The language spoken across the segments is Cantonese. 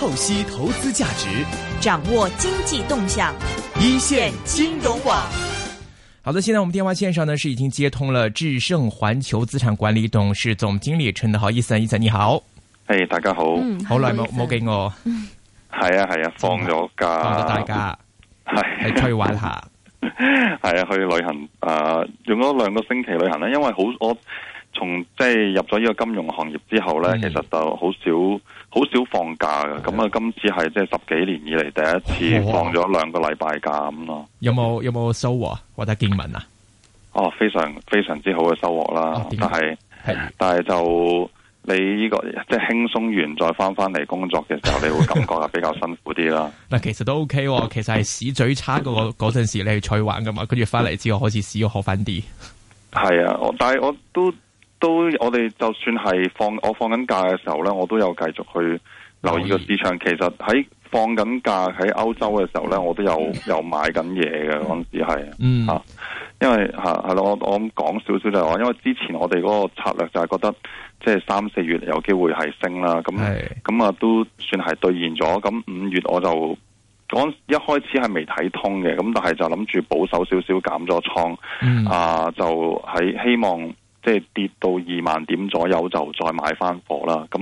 透析投資價值，掌握經濟動向，一線金融網。好的，現在我們電話線上呢是已經接通了智盛環球資產管理董事總經理陳德豪。Ethan。Ethan，你好。嘿、hey，大家好。嗯、好耐冇見我。嗯、 啊。係啊係啊，放咗假。放咗假。係、 啊。去玩下。係 啊，去旅行啊、呃，用咗兩個星期旅行啦，因為好我。從即係入咗呢個金融行業之後呢，嗯、其實就好少好少放假㗎。咁啊，這今次係即係十幾年以嚟第一次放咗兩個禮拜假咁咯、哦。有冇有冇收穫或者見聞啊？哦，非常非常之好嘅收穫啦。啊、但係但係就你呢、呢個即係輕鬆完再翻翻嚟工作嘅時候， 你會感覺係比較辛苦啲啦。嗱，其實都 OK，、哦、其實係市最差嗰陣、那個、時你去取玩噶嘛。跟住翻嚟之後開始市要好翻啲。係啊，但係我都。都我哋就算係放我放緊假嘅時候咧，我都有繼續去留意個市場。其實喺放緊假喺歐洲嘅時候咧，我都有有、嗯、買緊嘢嘅。嗰陣時係吓、嗯啊，因為吓係咯，我我咁講少少就話、是，因為之前我哋嗰個策略就係覺得即係三四月有機會係升啦。咁係咁啊，都算係兌現咗。咁五月我就講一開始係未睇通嘅，咁但係就諗住保守少少，減咗倉啊，就喺希望。即係跌到二萬點左右就再買翻貨啦。咁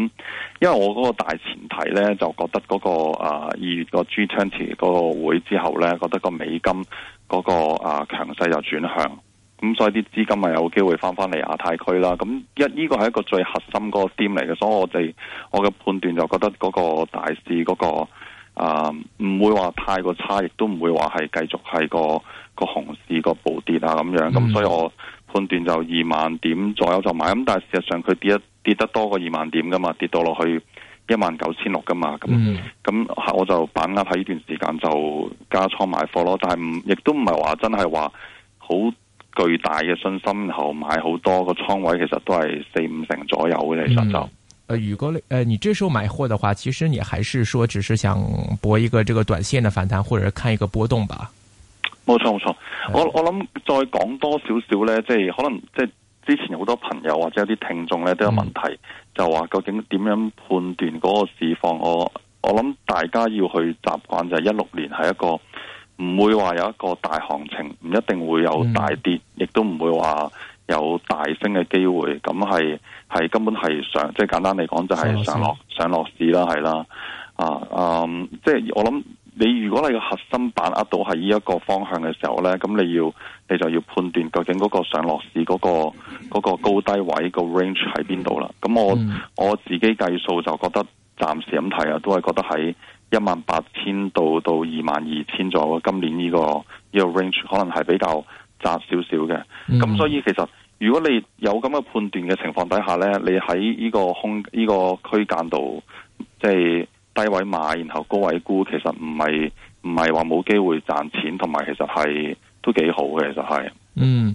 因為我嗰個大前提咧，就覺得嗰個呃二月個 G20 嗰個會之後咧，覺得個美金嗰個呃強勢又轉向，咁所以啲資金啊有機會翻翻嚟亞太區啦。咁一呢個係一個最核心個點嚟嘅，所以我哋我嘅判斷就覺得嗰個大市嗰個呃唔會話太過差，亦都唔會話係繼續係個個熊市個暴跌啊咁樣。咁所以我。嗯判斷就二萬點左右就買，咁但係事實上佢跌一跌得多過二萬點㗎嘛，跌到落去一萬九千六㗎嘛，咁咁、嗯、我就把握喺呢段時間就加倉買貨咯。但係唔亦都唔係話真係話好巨大嘅信心，然後買好多個倉位，其實都係四五成左右嘅程、嗯、就誒，如果你，誒、呃，你這時候買貨嘅話，其實你還是說只是想搏一個這個短線嘅反彈，或者看一個波動吧？冇錯冇錯，我我諗再講多少少咧，即係可能即係之前有好多朋友或者有啲聽眾咧都有問題，嗯、就話究竟點樣判斷嗰個市況？我我諗大家要去習慣就係一六年係一個唔會話有一個大行情，唔一定會有大跌，亦、嗯、都唔會話有大升嘅機會。咁係係根本係上，即係簡單嚟講就係上落係上落市啦，係啦，啊、嗯、即係我諗。你如果你嘅核心把握到係呢一個方向嘅時候咧，咁你要你就要判斷究竟嗰個上落市嗰、嗰個嗰、嗰個、高低位個 range 喺邊度啦。咁我、嗯、我自己計數就覺得暫時咁睇啊，都係覺得喺一萬八千度到二萬二千左右。今年呢、呢個呢、呢個 range 可能係比較窄少少嘅。咁、嗯、所以其實如果你有咁嘅判斷嘅情況底下咧，你喺呢個空呢、呢個區間度即係。低位買，然後高位沽，其實唔係，唔係話冇機會賺錢，同埋其實係都幾好嘅，其實係嗯。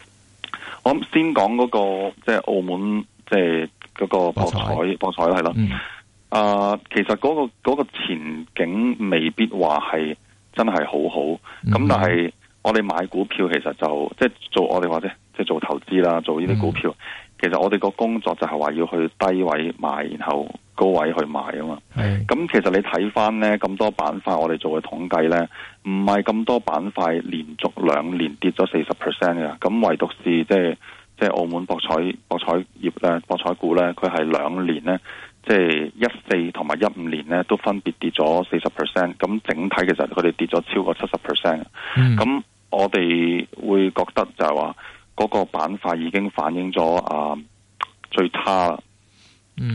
我先講嗰個即係澳門，即係嗰個博彩博彩係咯。啊、嗯呃，其實嗰個嗰個前景未必話係真係好好。咁、嗯、但係我哋買股票其實就即係做我哋話即係做投資啦，做呢啲股票。嗯、其實我哋個工作就係話要去低位買，然後。高位去買啊嘛，咁其實你睇翻咧，咁多板塊，我哋做嘅統計咧，唔係咁多板塊連續兩年跌咗四十 percent 嘅，咁唯獨是即係即係澳門博彩博彩業咧、博彩股咧，佢係兩年咧，即係一四同埋一五年咧，都分別跌咗四十 percent，咁整體其實佢哋跌咗超過七十 percent，咁我哋會覺得就係話嗰個板塊已經反映咗啊最差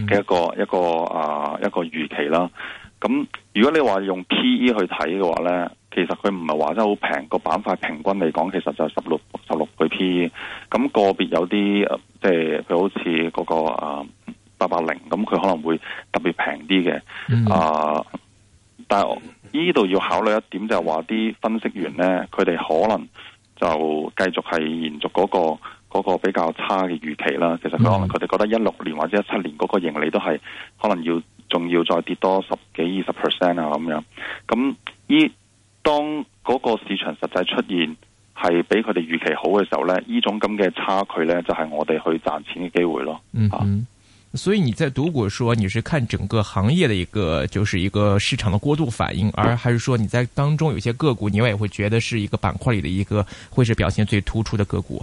嘅一個一個啊一個預期啦，咁如果你用 PE 話用 PE 去睇嘅話咧，其實佢唔係話真係好平，個板塊平均嚟講其實就係十六十六倍 PE，咁個別有啲即係佢好似嗰個啊八八零，咁佢可能會特別平啲嘅啊，mm -hmm. uh, 但係依度要考慮一點就係話啲分析員咧，佢哋可能就繼續係延續嗰個。嗰、那個比較差嘅預期啦，其實佢可能佢哋覺得一六年或者一七年嗰個盈利都係可能要仲要再跌多十幾二十 percent 啊咁樣。咁依當嗰個市場實際出現係比佢哋預期好嘅時候呢，呢種咁嘅差距呢，就係我哋去賺錢嘅機會咯。嗯，所以你在如果說你是看整個行業的一個就是一個市場的過度反應，而還是說你在當中有些個股，你也會覺得是一個板塊裏的一個會是表現最突出的個股。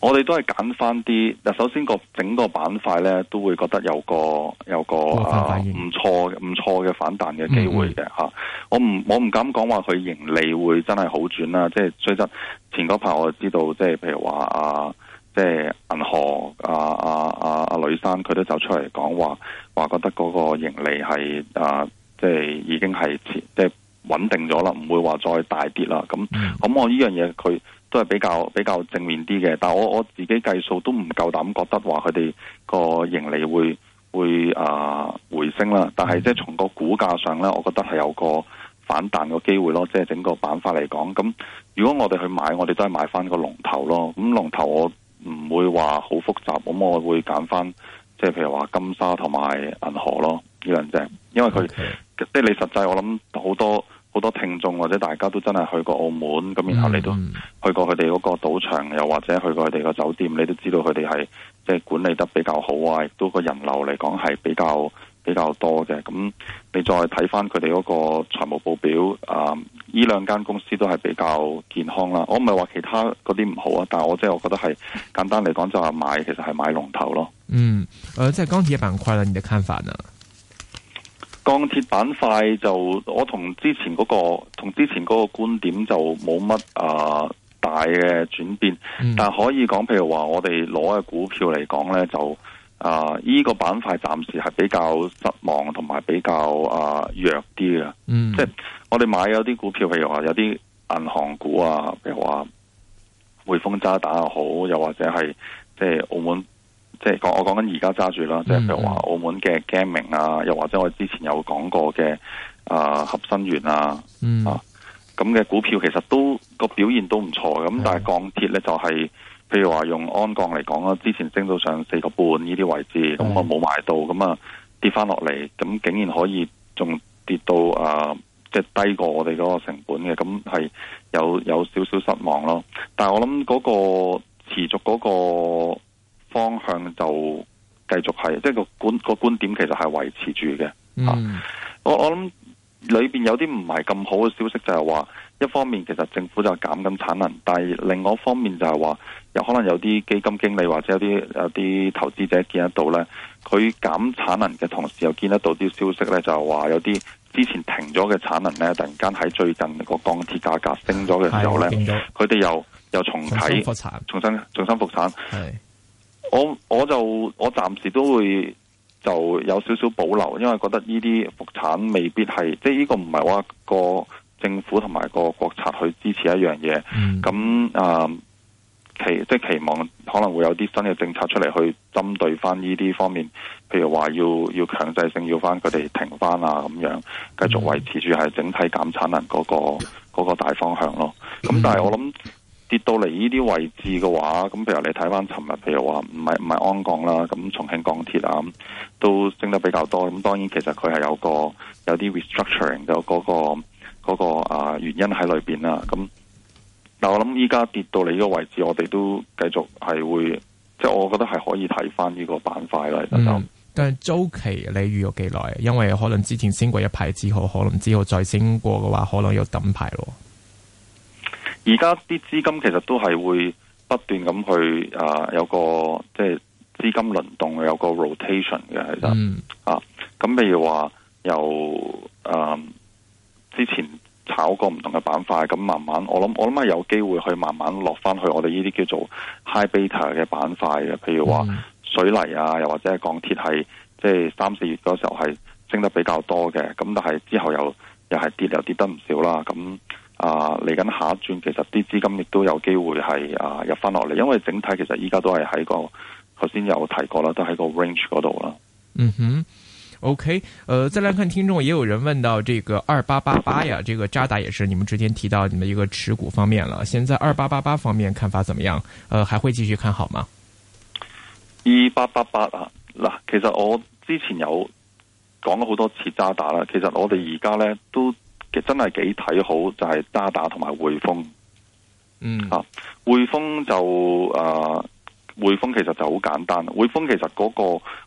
我哋都係揀翻啲，嗱首先個整個板塊咧都會覺得有個有個、哦、啊唔錯唔錯嘅反彈嘅機會嘅吓、嗯，我唔我唔敢講話佢盈利會真係好轉啦，即係，雖然前嗰排我知道，即係譬如話啊，即係銀河啊啊啊啊呂生，佢都走出嚟講話話覺得嗰個盈利係啊，即係已經係即係穩定咗啦，唔會話再大跌啦，咁咁、嗯、我呢樣嘢佢。都係比較比較正面啲嘅，但係我我自己計數都唔夠膽覺得話佢哋個盈利會會啊回升啦。但係即係從個股價上咧，我覺得係有個反彈嘅機會咯。即係整個板塊嚟講，咁如果我哋去買，我哋都係買翻個龍頭咯。咁龍頭我唔會話好複雜，咁我會揀翻即係譬如話金沙同埋銀河咯呢兩隻，因為佢即係你實際我諗好多。好多聽眾或者大家都真係去過澳門，咁然後你都去過佢哋嗰個賭場，又或者去過佢哋個酒店，你都知道佢哋係即係管理得比較好啊，亦都個人流嚟講係比較比較多嘅。咁你再睇翻佢哋嗰個財務報表，啊、嗯，呢兩間公司都係比較健康啦。我唔係話其他嗰啲唔好啊，但係我即係我覺得係簡單嚟講就係買，其實係買龍頭咯。嗯，呃，即係鋼鐵板塊啦，你嘅看法呢？鋼鐵板塊就我同之前嗰，那個同之前嗰個觀點就冇乜啊大嘅轉變，但係可以講，譬如話我哋攞嘅股票嚟講咧，就啊呢，呃這個板塊暫時係比較失望同埋比較啊，呃、弱啲嘅，嗯，即係我哋買有啲股票，譬如話有啲銀行股啊，譬如話匯豐渣打又好，又或者係即係澳門。即係我我講緊而家揸住啦，即係譬如話澳門嘅 gaming 啊、嗯，又或者我之前有講過嘅啊、呃、合生元、嗯、啊，啊咁嘅股票其實都個表現都唔錯嘅，咁但係鋼鐵咧就係、是、譬如話用安鋼嚟講啦，之前升到上四個半呢啲位置，咁我冇賣到，咁啊跌翻落嚟，咁竟然可以仲跌到啊、呃、即係低過我哋嗰個成本嘅，咁係有有少少失望咯。但係我諗嗰個持續嗰、那個。方向就繼續係，即係個觀個觀點其實係維持住嘅。嗯，啊、我我諗裏邊有啲唔係咁好嘅消息，就係話一方面其實政府就減緊產能，但係另外一方面就係話，有可能有啲基金經理或者有啲有啲投資者見得到咧，佢減產能嘅同時又見得到啲消息咧，就係話有啲之前停咗嘅產能咧，突然間喺最近個鋼鐵價格升咗嘅時候咧，佢哋又又重啟、重新、重新復產。我我就我暫時都會就有少少保留，因為覺得呢啲復產未必係，即係呢個唔係話個政府同埋個國策去支持一樣嘢。咁、嗯、啊、呃、期即係期望可能會有啲新嘅政策出嚟，去針對翻呢啲方面，譬如話要要強制性，要翻佢哋停翻啊咁樣，繼續維持住係整體減產能嗰個嗰個大方向咯。咁但係我諗。跌到嚟呢啲位置嘅話，咁譬如你睇翻，尋日譬如話唔係唔係安鋼啦，咁重慶鋼鐵啊，都升得比較多。咁當然其實佢係有個有啲 restructuring 有嗰個、嗰個、嗰個、啊原因喺裏面啦。咁，但我諗依家跌到嚟呢個位置，我哋都繼續係會，即係我覺得係可以睇翻呢個板塊啦。等、嗯、但係周期你預約幾耐？因為可能之前升過一排之後，可能之後再升過嘅話，可能要等排咯。而家啲資金其實都係會不斷咁去啊、呃，有個即係資金輪動，有個 rotation 嘅其實、嗯、啊。咁譬如話，由誒、呃、之前炒過唔同嘅板塊，咁慢慢我諗我諗係有機會去慢慢落翻去我哋呢啲叫做 high beta 嘅板塊嘅。譬如話、嗯、水泥啊，又或者係鋼鐵，係即係三四月嗰時候係升得比較多嘅。咁但係之後又又係跌，又跌得唔少啦。咁啊，嚟緊下一轉，其實啲資金亦都有機會係啊入翻落嚟，因為整體其實依家都係喺個，頭先有提過啦，都喺個 range 嗰度啦。嗯哼，OK，誒、呃，再來看聽眾，也有人問到這個二八八八呀，這個渣打也是你們之前提到你們一個持股方面了，現在二八八八方面看法怎麼樣？誒、呃，還會繼續看好嗎？二八八八啊，嗱，其實我之前有講咗好多次渣打啦，其實我哋而家呢都。其實真係幾睇好，就係渣打同埋匯豐。嗯，啊，匯豐就誒、呃，匯豐其實就好簡單。匯豐其實嗰、那個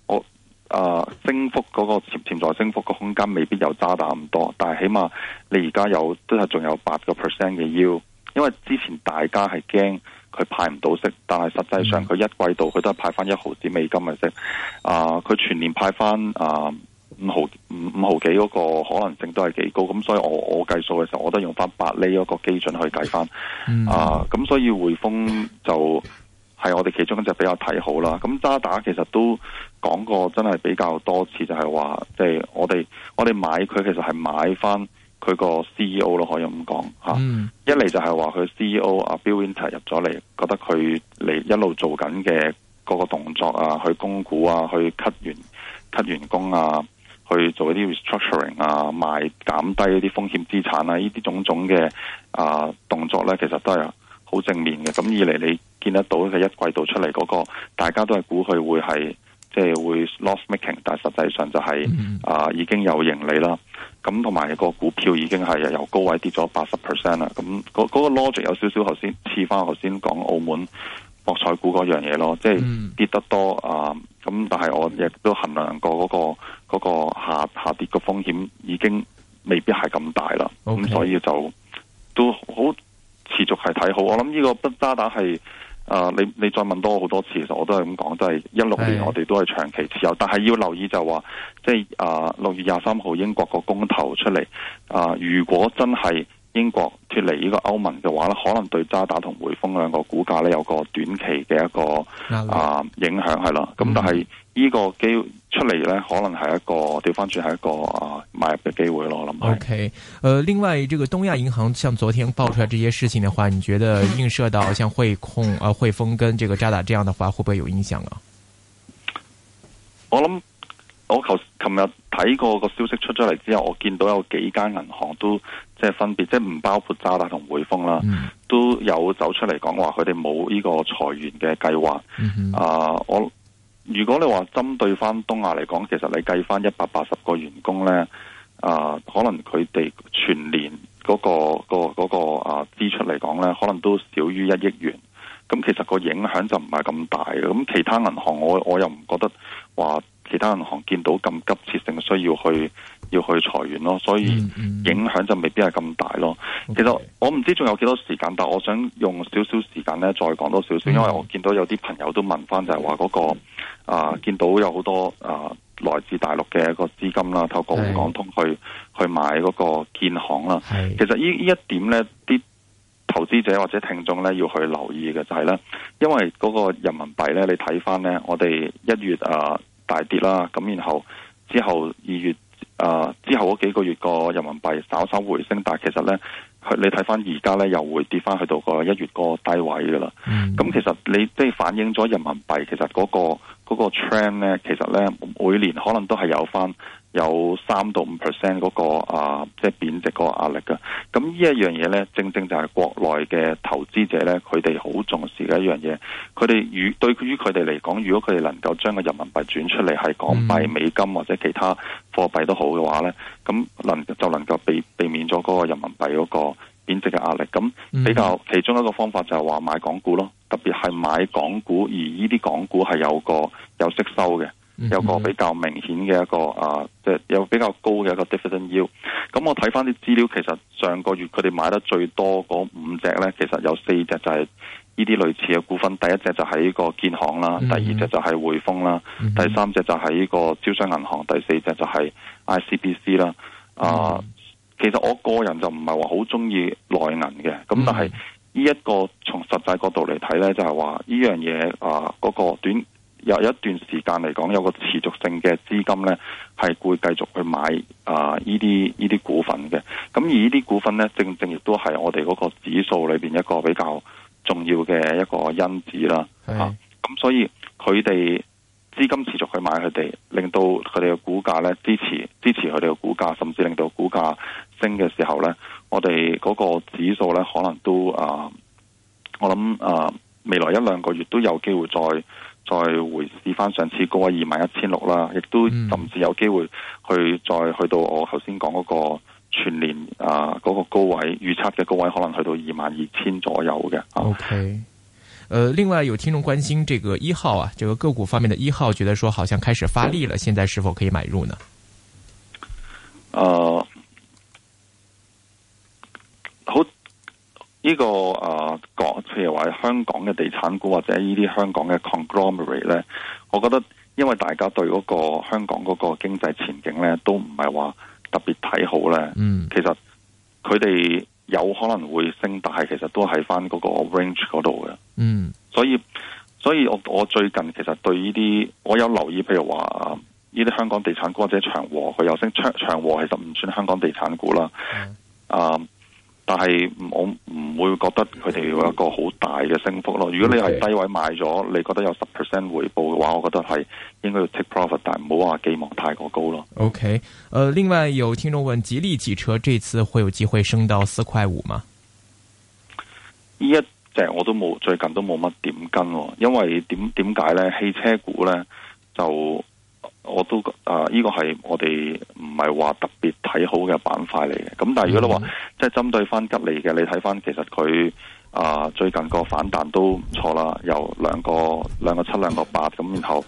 我誒、呃、升幅嗰個潛在升幅嘅空間未必有渣打咁多，但係起碼你而家有都係仲有八個 percent 嘅腰。Yield，因為之前大家係驚佢派唔到息，但係實際上佢一季度佢都係派翻一毫子美金嘅息。啊、呃，佢全年派翻啊。呃五毫五五毫幾嗰個可能性都係幾高，咁所以我我計數嘅時候，我都用翻百厘嗰個基準去計翻、嗯、啊，咁、嗯、所以匯豐就係我哋其中一隻比較睇好啦。咁渣打其實都講過，真係比較多次，就係話即係我哋我哋買佢其實係買翻佢個 C E O 咯，可以咁講吓。一嚟就係話佢 C E O Bill Winter 入咗嚟，覺得佢嚟一路做緊嘅嗰個動作啊，去供股啊，去 cut 員 cut 員工啊。去做一啲 restructuring 啊，賣減低一啲風險資產啊，呢啲種種嘅啊、呃、動作咧，其實都係好正面嘅。咁二嚟你見得到嘅一季度出嚟嗰、那個，大家都係估佢會係即係會 loss making，但係實際上就係、是、啊、呃、已經有盈利啦。咁同埋個股票已經係由高位跌咗八十 percent 啦。咁嗰個 logic 有少少頭先似翻頭先講澳門博彩股嗰樣嘢咯，即、就、係、是、跌得多啊。咁、呃、但係我亦都衡量過嗰、那個。嗰、那個下下跌個風險已經未必係咁大啦，咁、okay. 嗯、所以就都好持續係睇好。我諗呢個不單單係啊，你你再問多好多次，其實我都係咁講，都係一六年我哋都係長期持有，但係要留意就話，即係啊六月廿三號英國個公投出嚟啊、呃，如果真係。英國脱離呢個歐盟嘅話咧，可能對渣打同匯豐兩個股價咧有個短期嘅一個啊、呃、影響係啦，咁但係呢個機會出嚟咧，可能係一個調翻轉係一個啊買入嘅機會咯，我諗。O K，誒，另外，這個東亞銀行，像昨天爆出嚟呢些事情嘅話，你覺得映射到像匯控、啊匯豐跟這個渣打這樣的話，會唔會有影響啊？我諗。我求琴日睇過個消息出咗嚟之後，我見到有幾間銀行都即係分別，即係唔包括渣打同匯豐啦，都有走出嚟講話佢哋冇呢個裁員嘅計劃。Mm -hmm. 啊，我如果你話針對翻東亞嚟講，其實你計翻一百八十個員工呢，啊，可能佢哋全年嗰、嗰個、嗰個嗰、嗰個啊支出嚟講呢，可能都少於一億元。咁其實個影響就唔係咁大嘅。咁其他銀行我我又唔覺得話。其他銀行見到咁急切性需要去要去裁員咯，所以影響就未必係咁大咯。Okay. 其實我唔知仲有幾多時間，但我想用少少時間咧，再講多少少，因為我見到有啲朋友都問翻、那個，就係話嗰個啊，見到有好多啊來自大陸嘅一個資金啦，透過澳港通去、Yes. 去買嗰個建行啦。Yes. 其實呢一點咧，啲投資者或者聽眾咧要去留意嘅就係、是、咧，因為嗰個人民幣咧，你睇翻咧，我哋一月啊。大跌啦，咁然後之後二月啊、呃，之後嗰幾個月個人民幣稍稍回升，但係其實咧，佢你睇翻而家咧又會跌翻去到個一月個低位噶啦。咁、嗯、其實你即係、就是、反映咗人民幣其實嗰個嗰個 trend 咧，其實咧、那個那個、每年可能都係有翻。有三到五 percent 嗰個啊，即係貶值嗰個壓力噶。咁呢一樣嘢咧，正正就係國內嘅投資者咧，佢哋好重視嘅一樣嘢。佢哋與對於佢哋嚟講，如果佢哋能夠將個人民幣轉出嚟係港幣、嗯、美金或者其他貨幣都好嘅話咧，咁能就能夠避避免咗嗰個人民幣嗰個貶值嘅壓力。咁比較其中一個方法就係話買港股咯，特別係買港股，而呢啲港股係有個有息收嘅。有個比較明顯嘅一個啊，即、呃就係、有比較高嘅一個 dividend yield。咁我睇翻啲資料，其實上個月佢哋買得最多嗰五隻呢，其實有四隻就係呢啲類似嘅股份。第一隻就係呢個建行啦，第二隻就係匯豐啦，第三隻就係呢個招商銀行，第四隻就係 ICBC 啦、呃。啊、嗯，其實我個人就唔係話好中意內銀嘅。咁但係呢一個從實際角度嚟睇呢，就係話呢樣嘢啊嗰個短。有一段時間嚟講，有個持續性嘅資金呢，係會繼續去買啊呢啲呢啲股份嘅。咁而呢啲股份呢，正正亦都係我哋嗰個指數裏邊一個比較重要嘅一個因子啦。咁、啊、所以佢哋資金持續去買佢哋，令到佢哋嘅股價呢，支持支持佢哋嘅股價，甚至令到股價升嘅時候呢，我哋嗰個指數呢，可能都啊、呃，我諗啊、呃、未來一兩個月都有機會再。再回試翻上次高位二萬一千六啦，亦、嗯、都甚至有機會去再去到我頭先講嗰個全年啊嗰、呃那個高位預測嘅高位，可能去到二萬二千左右嘅、啊。OK，、呃、另外有聽眾關心，這個一號啊，這個個股方面的一號，覺得說好像開始發力了，現在是否可以買入呢？誒、嗯。呃呢、這個誒，港、呃、譬如話香港嘅地產股或者呢啲香港嘅 conglomerate 咧，我覺得因為大家對嗰個香港嗰個經濟前景咧，都唔係話特別睇好咧。嗯，其實佢哋有可能會升，但係其實都係翻嗰個 range 嗰度嘅。嗯，所以所以我我最近其實對呢啲，我有留意，譬如話呢啲香港地產股或者長和，佢有升長和，其實唔算香港地產股啦、嗯。啊。但係我唔會覺得佢哋有一個好大嘅升幅咯。如果你係低位買咗，你覺得有十 percent 回報嘅話，我覺得係應該要 take profit，但唔好話寄望太過高咯。OK，呃，另外有聽眾問：吉利汽車這次會有機會升到四塊五嗎？呢一隻我都冇最近都冇乜點跟喎，因為點點解呢？汽車股呢就。我都啊，呢、呃這個係我哋唔係話特別睇好嘅板塊嚟嘅。咁但係如果你話，即、嗯、係、就是、針對翻吉利嘅，你睇翻其實佢啊、呃、最近個反彈都唔錯啦，由兩個兩個七，兩個八咁，然後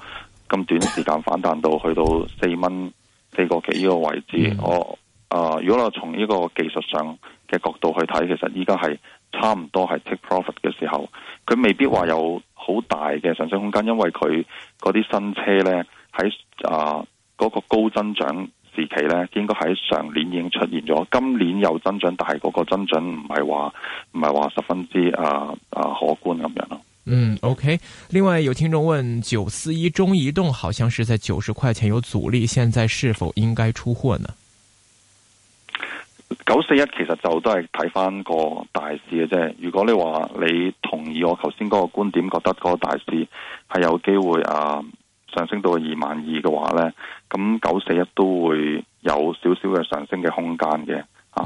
咁短時間反彈到去到四蚊四個幾呢個位置。嗯、我啊、呃，如果我從呢個技術上嘅角度去睇，其實依家係差唔多係 take profit 嘅時候，佢未必話有好大嘅上升空間，因為佢嗰啲新車呢。喺啊嗰、那個高增長時期咧，應該喺上年已經出現咗，今年有增長，但係嗰個增長唔係話唔係話十分之啊啊可觀咁樣咯。嗯，OK。另外有聽眾問：九四一中移動好像是在九十塊錢有阻力，現在是否應該出貨呢？九四一其實就都係睇翻個大市嘅啫。如果你話你同意我頭先嗰個觀點，覺得嗰個大市係有機會啊，上升到二萬二嘅話呢，咁九四一都會有少少嘅上升嘅空間嘅。mm. 啊。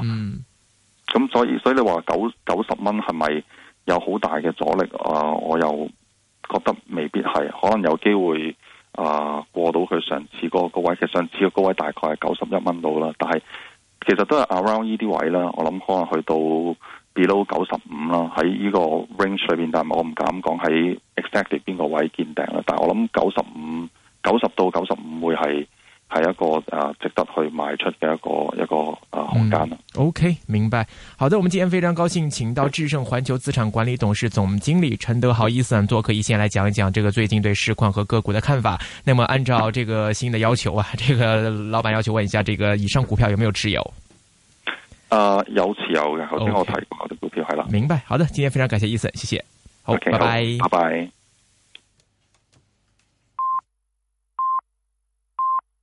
咁所以所以你話九九十蚊係咪有好大嘅阻力啊？我又覺得未必係，可能有機會啊過到佢上次個高位。其實上次個高位大概係九十一蚊到啦。但係其實都係 around 呢啲位啦。我諗可能去到。below 九十五啦，喺呢個 range 裏邊，但係我唔敢講喺 exactly 邊個位見頂啦。但係我諗九十五、九十到九十五會係係一個誒、啊、值得去賣出嘅一個一個誒空間 OK，明白。好的，我們今天非常高興，請到智勝環球資產管理董事總經理陳德豪伊森做客一線， 來講一講這個最近對市況和個股的看法。那麼按照這個新的要求啊，這個老板要求問一下，這個以上股票有沒有持有？啊、呃，有持有嘅，頭、okay. 先我提過我哋股票係啦。明白，好的，今天非常感謝，Ethan，謝謝，好，okay, 拜，拜，好拜拜，拜拜。